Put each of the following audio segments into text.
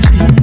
sorry.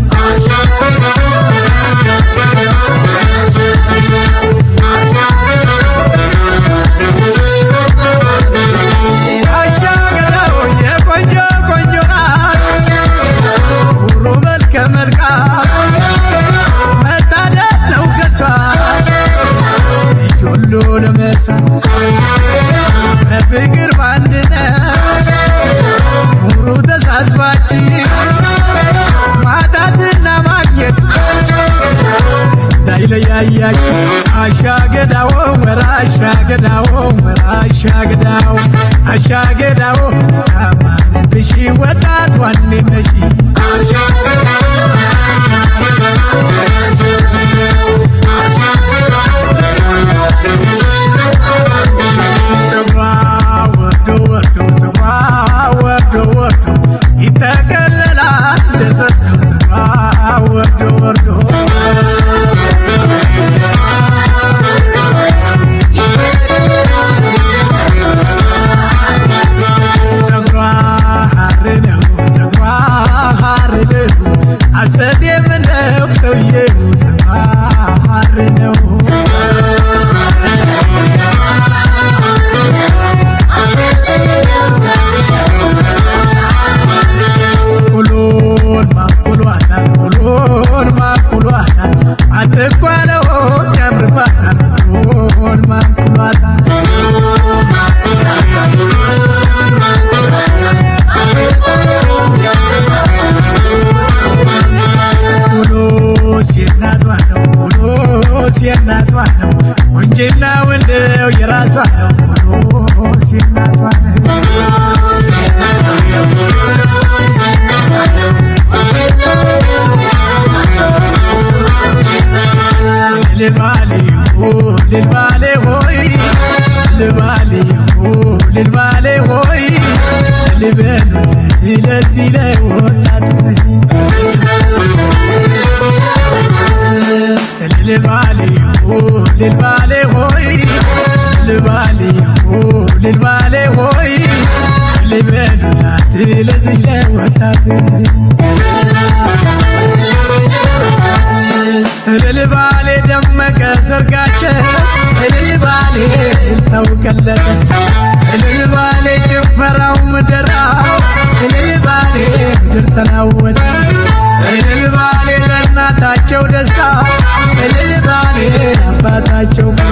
ለዚህ ላይ ወጣት ልልባሌ ልልባሌ ሆይ ልልባሌ ልልባሌ ሆይ ልበሉላት ለዚህ ላይ ወጣት ልልባሌ ደመቀ ሰርጋቸው ልልባሌ ታውቀለጠ ሀገራ እልልባሌ ምድር ተናወጠ እልልባሌ ለእናታቸው ደስታ ባሌ አባታቸው ብራ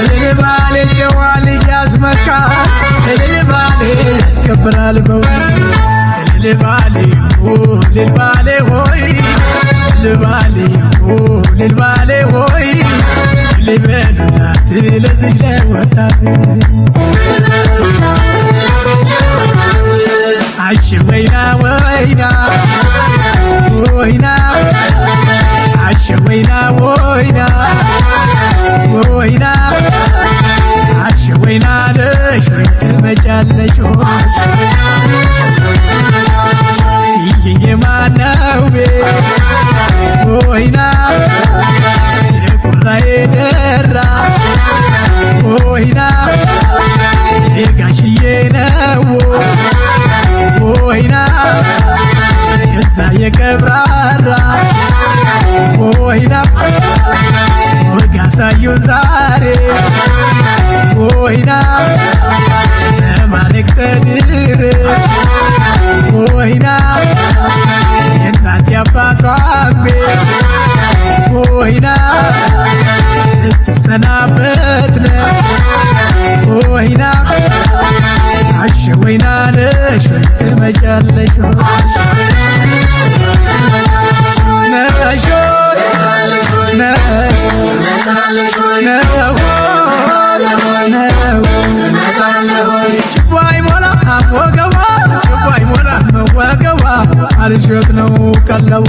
እልልባሌ ጨዋ ልጅ ያስመካ እልልባሌ ያስከብራል በውል እልልባሌ እልልባሌ ሆይ እልልባሌ እልልባሌ ሆይ ልበሉላት ለዚህ ለወጣት አንቺ ወይና ወይና ወይና አንቺ ወይና ወይና ወይና አንቺ ወይና ነሽ ትመጫለሽ yapata ambe ወይና ልትሰናበትነ ወይና አሽ ወይና ነሽ ትመጫለሽ ነሽ ነሽ ነው ነው አልሸጥነው ቀለቧ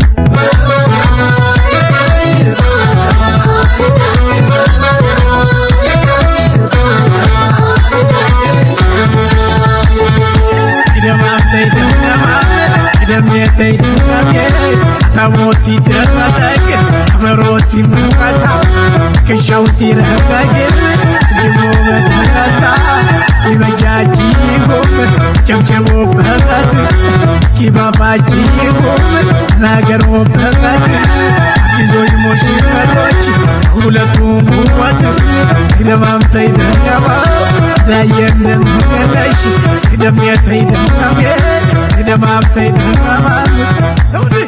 ቀጠሞ ሲደረግ ከበሮ ሲመታ ትከሻው ሲረገግ እጅሞ በደስታ እስኪ በጃጅጎም ጨብጨቦበት እስኪ ባባጅጎም ተናገሮበት ጊዞች ሞሽመሮች ሁለቱም ውበት ግደማምተይ ደገባ ላየንን ሁገነሽ ግደሜተይ ደገሜ ግደማምተይ ደገማ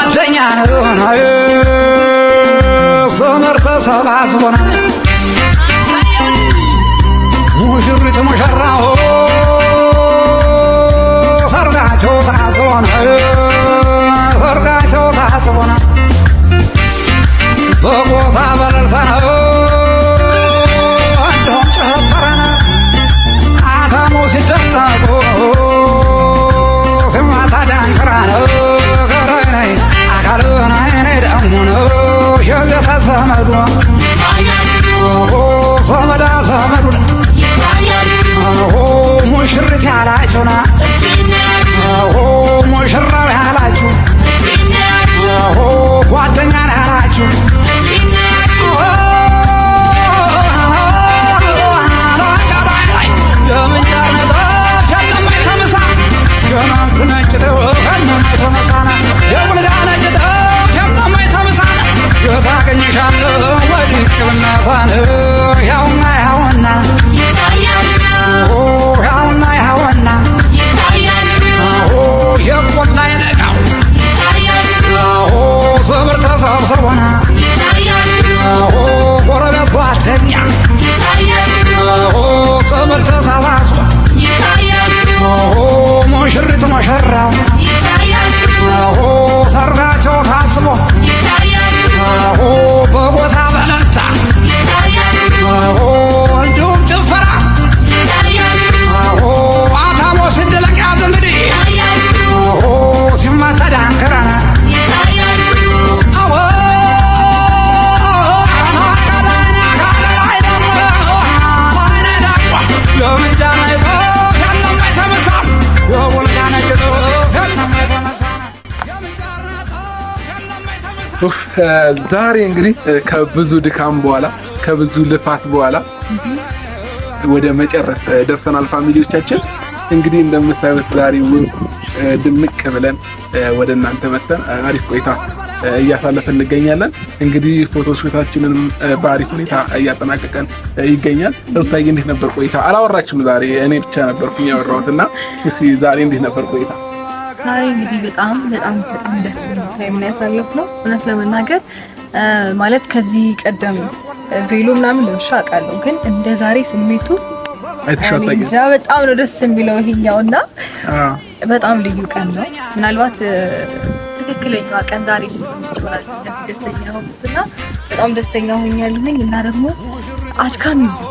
ጓደኛ ሆና ዘመር ተሰባስቦና ሙሽሪት ሙሽራው ሰርጋቸው ታስቦና ሰርጋቸው ታስቦና በቦታ time I ዛሬ እንግዲህ ከብዙ ድካም በኋላ ከብዙ ልፋት በኋላ ወደ መጨረስ ደርሰናል። ፋሚሊዎቻችን እንግዲህ እንደምታዩት ዛሬ ድምቅ ብለን ወደ እናንተ መተን አሪፍ ቆይታ እያሳለፈ እንገኛለን። እንግዲህ ፎቶ ሹታችንንም በአሪፍ ሁኔታ እያጠናቀቀን ይገኛል። ሩታዬ እንዴት ነበር ቆይታ? አላወራችም ዛሬ እኔ ብቻ ነበርኩኝ ያወራሁት እና ዛሬ እንዴት ነበር ቆይታ? ዛሬ እንግዲህ በጣም በጣም በጣም ደስ የሚል ታይም ነው እውነት ለመናገር ማለት ከዚህ ቀደም ቬሎ ምናምን ለብሻ አውቃለሁ፣ ግን እንደ ዛሬ ስሜቱ እንጃ በጣም ነው ደስ የሚለው ይሄኛው እና በጣም ልዩ ቀን ነው። ምናልባት ትክክለኛዋ ቀን ዛሬ ስለሆነ ደስተኛ ሆንኩትና በጣም ደስተኛ ሆኛለሁኝ እና ደግሞ አድካሚ ነው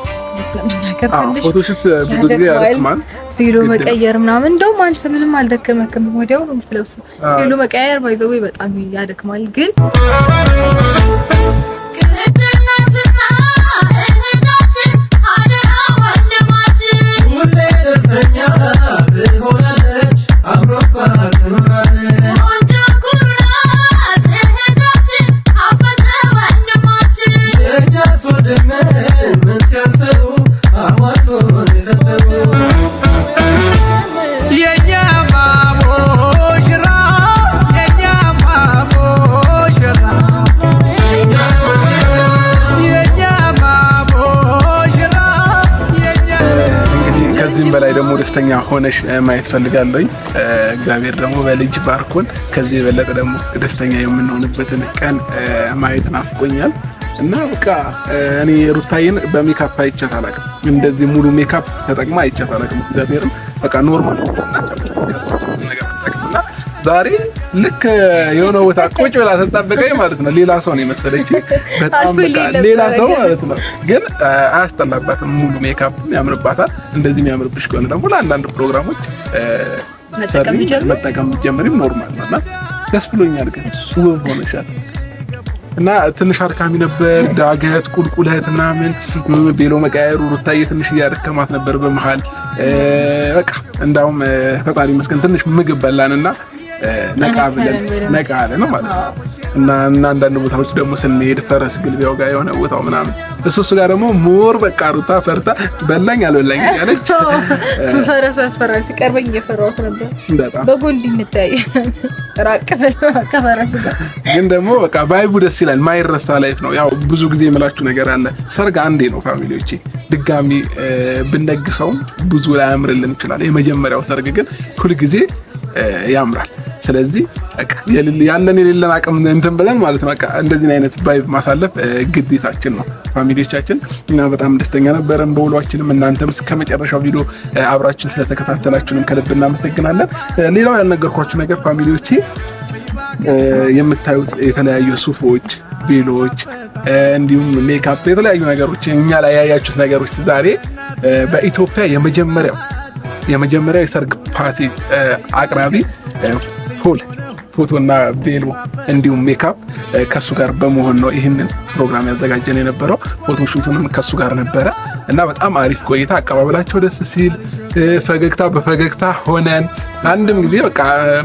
ስለምናገር ፎቶሾፕ ብዙ ጊዜ ያደክማል። ቬሎ መቀየር ምናምን እንደውም አንተ ምንም አልደከመክም፣ ወዲያው ነው የምትለብሰው። ፊሉ መቀየር ባይዘው በጣም ያደክማል ግን ደስተኛ ሆነሽ ማየት ፈልጋለኝ። እግዚአብሔር ደግሞ በልጅ ባርኮን ከዚህ የበለጠ ደግሞ ደስተኛ የምንሆንበትን ቀን ማየት ናፍቆኛል እና በቃ እኔ ሩታዬን በሜካፕ አይቻት አላቅም። እንደዚህ ሙሉ ሜካፕ ተጠቅማ አይቻት አላቅም። እግዚአብሔርም በቃ ኖርማል ነገር ተጠቅምና ዛሬ ልክ የሆነ ቦታ ቁጭ ብላ ተጣበቀኝ ማለት ነው። ሌላ ሰው ነው የመሰለች፣ በጣም በቃ ሌላ ሰው ማለት ነው። ግን አያስጠላባትም፣ ሙሉ ሜካፕ ያምርባታል። እንደዚህ የሚያምርብሽ ከሆነ ደግሞ ለአንዳንድ ፕሮግራሞች መጠቀም ጀምሪም ኖርማል ነው እና ደስ ብሎኛል። ግን ውብ ሆነሻል እና ትንሽ አድካሚ ነበር፣ ዳገት ቁልቁለት ምናምን ቤሎ መቀያየሩ። ሩታዬ ትንሽ እያደከማት ነበር በመሀል በቃ። እንዳውም ፈጣሪ ይመስገን ትንሽ ምግብ በላንና ነቃ አለ ነው ማለት ነው። እና አንዳንድ ቦታዎች ደግሞ ስንሄድ ፈረስ ግልቢያው ጋር የሆነ ቦታው ምናምን እሱ እሱ ጋር ደግሞ ሞር በቃ ሩታ ፈርታ በላኝ አልበላኝ ያለች ፈረሱ ያስፈራል። ሲቀርበኝ እየፈራሁት ነበር። በጎን እንድንታይ ራቅ ጋር ግን ደግሞ በቃ ቫይቡ ደስ ይላል። ማይረሳ ላይፍ ነው። ያው ብዙ ጊዜ የምላችሁ ነገር አለ። ሰርግ አንዴ ነው ፋሚሊዎቼ። ድጋሚ ብንደግሰውም ብዙ ላያምርልን ይችላል። የመጀመሪያው ሰርግ ግን ሁልጊዜ ያምራል። ስለዚህ ያለን የሌለን አቅም እንትን ብለን ማለት ነው እንደዚህ አይነት ባይ ማሳለፍ ግዴታችን ነው። ፋሚሊዎቻችን እና በጣም ደስተኛ ነበረን በውሏችንም። እናንተም እስከ መጨረሻው ቪዲዮ አብራችን ስለተከታተላችሁንም ከልብ እናመሰግናለን። ሌላው ያልነገርኳችሁ ነገር ፋሚሊዎቼ የምታዩት የተለያዩ ሱፎች፣ ቬሎች እንዲሁም ሜካፕ የተለያዩ ነገሮች እኛ ላይ ያያችሁት ነገሮች ዛሬ በኢትዮጵያ የመጀመሪያው የመጀመሪያ የሰርግ ፓርቲ አቅራቢ ል ፎቶና ቤሎ እንዲሁም ሜካፕ ከሱ ጋር በመሆን ነው ይህንን ፕሮግራም ያዘጋጀን የነበረው። ፎቶሹትንም ከሱ ጋር ነበረ እና በጣም አሪፍ ቆይታ፣ አቀባበላቸው ደስ ሲል ፈገግታ በፈገግታ ሆነን አንድም ጊዜ በቃ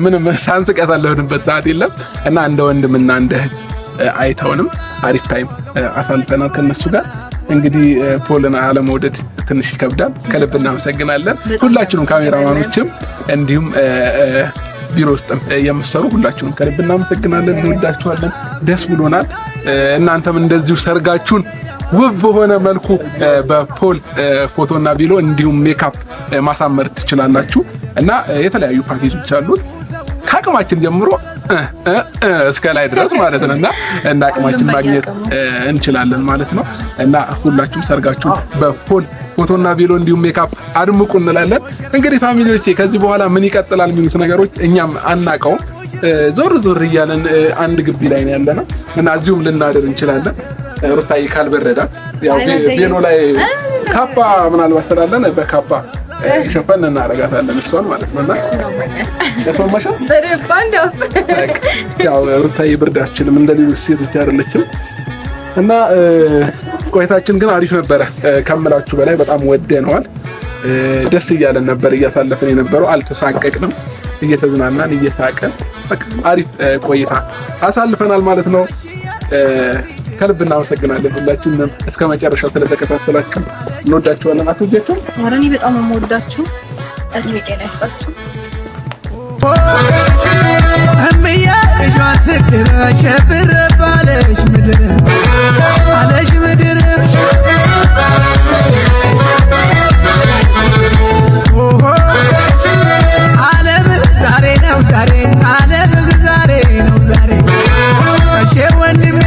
ምንም ሳንስቅ ያሳለፍንበት ሰዓት የለም እና እንደ ወንድምና እንደ እህት አይተውንም አሪፍ ታይም አሳልፈናል ከነሱ ጋር። እንግዲህ ፖልን አለመውደድ ትንሽ ይከብዳል። ከልብ እናመሰግናለን ሁላችሁንም፣ ካሜራማኖችም እንዲሁም ቢሮ ውስጥም የምትሰሩ ሁላችሁንም ከልብ እናመሰግናለን። እንወዳችኋለን። ደስ ብሎናል። እናንተም እንደዚሁ ሰርጋችሁን ውብ በሆነ መልኩ በፖል ፎቶና ቢሎ እንዲሁም ሜካፕ ማሳመር ትችላላችሁ እና የተለያዩ ፓኬጆች አሉት ከአቅማችን ጀምሮ እስከ ላይ ድረስ ማለት ነው እና እና አቅማችን ማግኘት እንችላለን ማለት ነው እና ሁላችሁም ሰርጋችሁን በፖል ፎቶና ቪዲዮ እንዲሁም ሜካፕ አድምቁ እንላለን። እንግዲህ ፋሚሊዎቼ ከዚህ በኋላ ምን ይቀጥላል የሚሉት ነገሮች እኛም አናቀውም ዞር ዞር እያለን አንድ ግቢ ላይ ነው ያለነው እና እዚሁም ልናደር እንችላለን። ሩታዬ ካልበረዳት ያው ቬሎ ላይ ካባ ምናልባት ስላለን በካባ ሸፈን እናደርጋታለን እሷን ማለት ነው። እና ያስማማሻል በደንብ ያው ሩታዬ ብርድ አትችልም፣ እንደ ሴቶች አይደለችም። እና ቆይታችን ግን አሪፍ ነበረ ከምላችሁ በላይ በጣም ወደነዋል። ደስ እያለን ነበር እያሳለፍን የነበረው አልተሳቀቅንም፣ እየተዝናናን እየሳቀን አሪፍ ቆይታ አሳልፈናል ማለት ነው። ከልብ እናመሰግናለን ሁላችንም እስከ መጨረሻው ስለተከታተላችሁ እንወዳችኋለን። አትወጃችሁ ረኒ በጣም የምወዳችሁ እድሜ ጤና ያስጣችሁ። እምዬ ልጇን ሸብር ባለች ምድር አለች ምድር ዓለም ዛሬ ነው ዛሬ ዓለም ዛሬ ነው ዛሬ ወንድሜ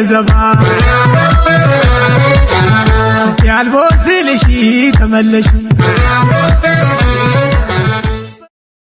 ገንዘባ ያልቦ ስልሽ ተመለሽ